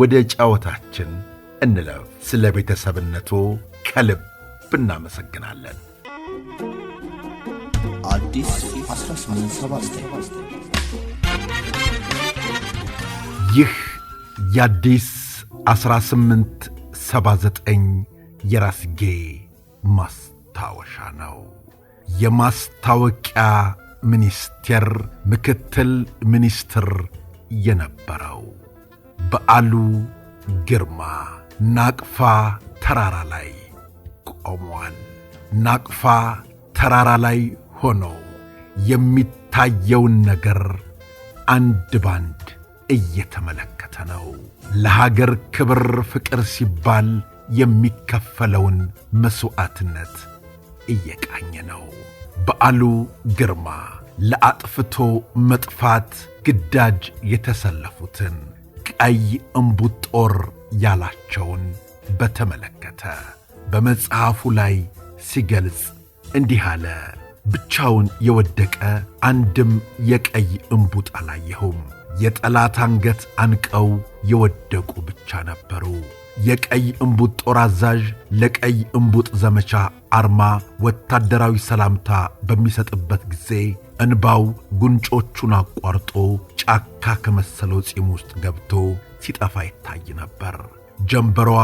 ወደ ጫወታችን እንለፍ። ስለ ቤተሰብነቱ ከልብ እናመሰግናለን። ይህ የአዲስ 1879 የራስጌ ማስታወሻ ነው። የማስታወቂያ ሚኒስቴር ምክትል ሚኒስትር የነበረው በዓሉ ግርማ ናቅፋ ተራራ ላይ ቆሟል። ናቅፋ ተራራ ላይ ሆኖ የሚታየውን ነገር አንድ ባንድ እየተመለከተ ነው። ለሀገር ክብር ፍቅር ሲባል የሚከፈለውን መሥዋዕትነት እየቃኘ ነው። በዓሉ ግርማ ለአጥፍቶ መጥፋት ግዳጅ የተሰለፉትን ቀይ እምቡጥ ጦር ያላቸውን በተመለከተ በመጽሐፉ ላይ ሲገልጽ እንዲህ አለ። ብቻውን የወደቀ አንድም የቀይ እምቡጥ አላየሁም። የጠላት አንገት አንቀው የወደቁ ብቻ ነበሩ። የቀይ እምቡጥ ጦር አዛዥ ለቀይ እምቡጥ ዘመቻ አርማ ወታደራዊ ሰላምታ በሚሰጥበት ጊዜ እንባው ጉንጮቹን አቋርጦ ጫካ ከመሰለው ጺም ውስጥ ገብቶ ሲጠፋ ይታይ ነበር። ጀንበሯ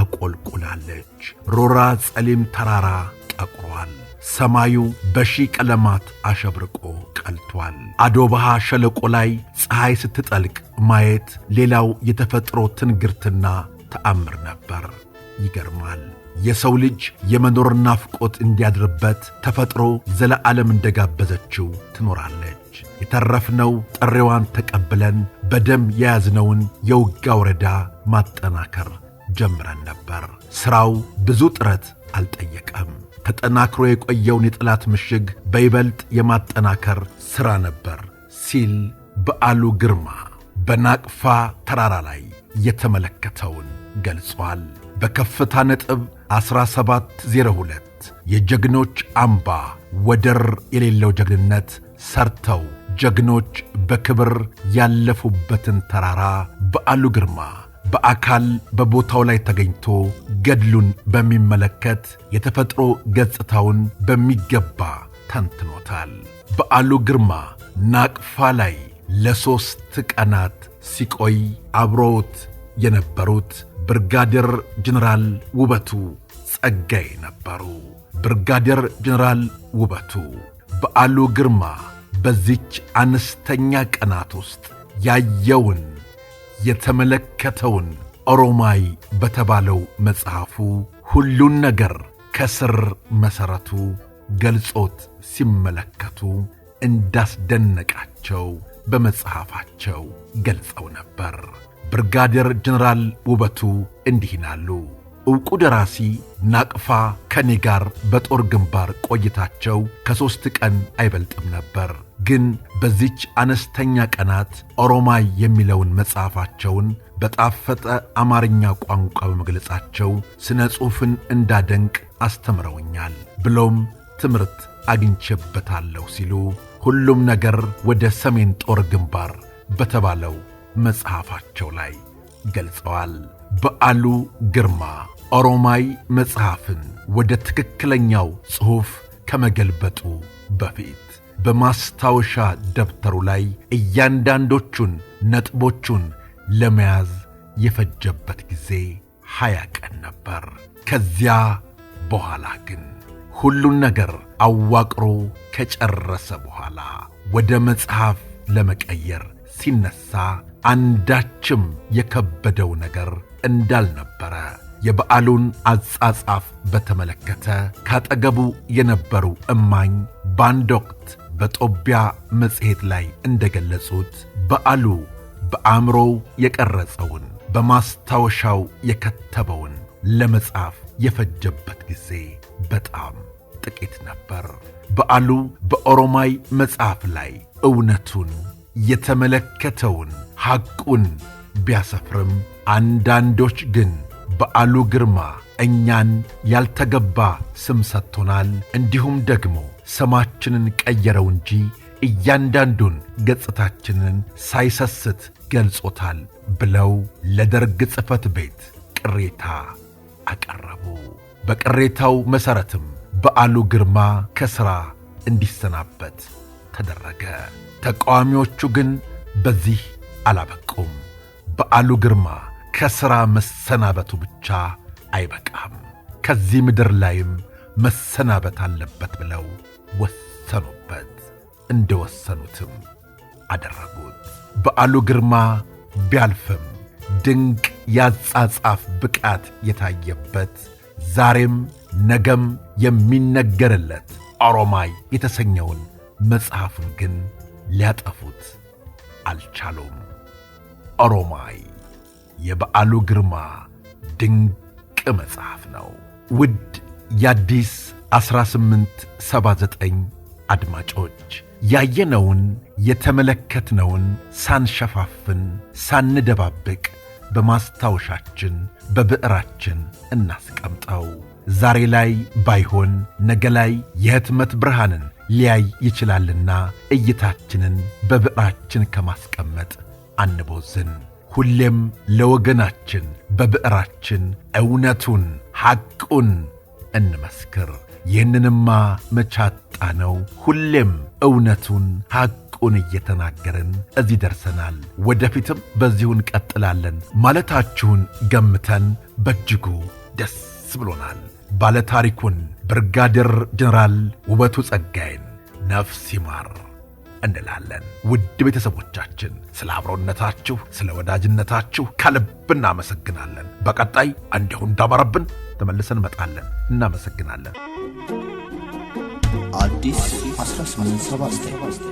አቆልቁላለች። ሮራ ጸሊም ተራራ ጠቁሯል። ሰማዩ በሺህ ቀለማት አሸብርቆ ቀልቷል። አዶባሃ ሸለቆ ላይ ፀሐይ ስትጠልቅ ማየት ሌላው የተፈጥሮ ትንግርትና ተአምር ነበር። ይገርማል። የሰው ልጅ የመኖር ናፍቆት እንዲያድርበት ተፈጥሮ ዘለዓለም እንደጋበዘችው ትኖራለች። የተረፍነው ጥሪዋን ተቀብለን በደም የያዝነውን የውጋ ወረዳ ማጠናከር ጀምረን ነበር። ሥራው ብዙ ጥረት አልጠየቀም። ተጠናክሮ የቆየውን የጠላት ምሽግ በይበልጥ የማጠናከር ሥራ ነበር ሲል በዓሉ ግርማ በናቅፋ ተራራ ላይ የተመለከተውን ገልጿል። በከፍታ ነጥብ 1702 የጀግኖች አምባ ወደር የሌለው ጀግንነት ሰርተው ጀግኖች በክብር ያለፉበትን ተራራ በዓሉ ግርማ በአካል በቦታው ላይ ተገኝቶ ገድሉን በሚመለከት የተፈጥሮ ገጽታውን በሚገባ ተንትኖታል። በዓሉ ግርማ ናቅፋ ላይ ለሦስት ቀናት ሲቆይ አብረውት የነበሩት ብርጋዴር ጀነራል ውበቱ ጸጋይ ነበሩ። ብርጋዴር ጀነራል ውበቱ በዓሉ ግርማ በዚች አነስተኛ ቀናት ውስጥ ያየውን የተመለከተውን ኦሮማይ በተባለው መጽሐፉ ሁሉን ነገር ከስር መሠረቱ ገልጾት ሲመለከቱ እንዳስደነቃቸው በመጽሐፋቸው ገልጸው ነበር። ብርጋዴር ጀነራል ውበቱ እንዲህ ይላሉ። ዕውቁ ደራሲ ናቅፋ ከኔ ጋር በጦር ግንባር ቆይታቸው ከሦስት ቀን አይበልጥም ነበር። ግን በዚች አነስተኛ ቀናት ኦሮማይ የሚለውን መጽሐፋቸውን በጣፈጠ አማርኛ ቋንቋ በመግለጻቸው ሥነ ጽሑፍን እንዳደንቅ አስተምረውኛል፣ ብሎም ትምህርት አግኝቼበታለሁ ሲሉ ሁሉም ነገር ወደ ሰሜን ጦር ግንባር በተባለው መጽሐፋቸው ላይ ገልጸዋል። በዓሉ ግርማ ኦሮማይ መጽሐፍን ወደ ትክክለኛው ጽሑፍ ከመገልበጡ በፊት በማስታወሻ ደብተሩ ላይ እያንዳንዶቹን ነጥቦቹን ለመያዝ የፈጀበት ጊዜ ሀያ ቀን ነበር። ከዚያ በኋላ ግን ሁሉን ነገር አዋቅሮ ከጨረሰ በኋላ ወደ መጽሐፍ ለመቀየር ሲነሳ አንዳችም የከበደው ነገር እንዳልነበረ የበዓሉን አጻጻፍ በተመለከተ ካጠገቡ የነበሩ እማኝ በአንድ ወቅት በጦቢያ መጽሔት ላይ እንደገለጹት በዓሉ በአእምሮው የቀረጸውን በማስታወሻው የከተበውን ለመጻፍ የፈጀበት ጊዜ በጣም ጥቂት ነበር። በዓሉ በኦሮማይ መጽሐፍ ላይ እውነቱን የተመለከተውን ሐቁን ቢያሰፍርም አንዳንዶች ግን በዓሉ ግርማ እኛን ያልተገባ ስም ሰጥቶናል፣ እንዲሁም ደግሞ ስማችንን ቀየረው እንጂ እያንዳንዱን ገጽታችንን ሳይሰስት ገልጾታል ብለው ለደርግ ጽሕፈት ቤት ቅሬታ አቀረቡ። በቅሬታው መሠረትም በዓሉ ግርማ ከሥራ እንዲሰናበት ተደረገ። ተቃዋሚዎቹ ግን በዚህ አላበቁም። በዓሉ ግርማ ከሥራ መሰናበቱ ብቻ አይበቃም፣ ከዚህ ምድር ላይም መሰናበት አለበት ብለው ወሰኑበት። እንደወሰኑትም አደረጉት። በዓሉ ግርማ ቢያልፍም ድንቅ ያጻጻፍ ብቃት የታየበት ዛሬም ነገም የሚነገርለት ኦሮማይ የተሰኘውን መጽሐፉን ግን ሊያጠፉት አልቻሉም። ኦሮማይ የበዓሉ ግርማ ድንቅ መጽሐፍ ነው። ውድ የአዲስ 1879 አድማጮች ያየነውን የተመለከትነውን ሳንሸፋፍን ሳንደባብቅ በማስታወሻችን በብዕራችን እናስቀምጠው። ዛሬ ላይ ባይሆን ነገ ላይ የህትመት ብርሃንን ሊያይ ይችላልና እይታችንን በብዕራችን ከማስቀመጥ አንቦዝን። ሁሌም ለወገናችን በብዕራችን እውነቱን ሐቁን እንመስክር። ይህንንማ መቻጣ ነው። ሁሌም እውነቱን ሐቁን እየተናገርን እዚህ ደርሰናል፣ ወደፊትም በዚሁን ቀጥላለን። ማለታችሁን ገምተን በእጅጉ ደስ ብሎናል። ባለታሪኩን ብርጋዴር ጀነራል ውበቱ ጸጋይን ነፍስ ይማር። እንላለን። ውድ ቤተሰቦቻችን ስለ አብሮነታችሁ፣ ስለ ወዳጅነታችሁ ከልብ እናመሰግናለን። በቀጣይ እንዲሁ እንዳማረብን ተመልሰን እንመጣለን። እናመሰግናለን። አዲስ 1879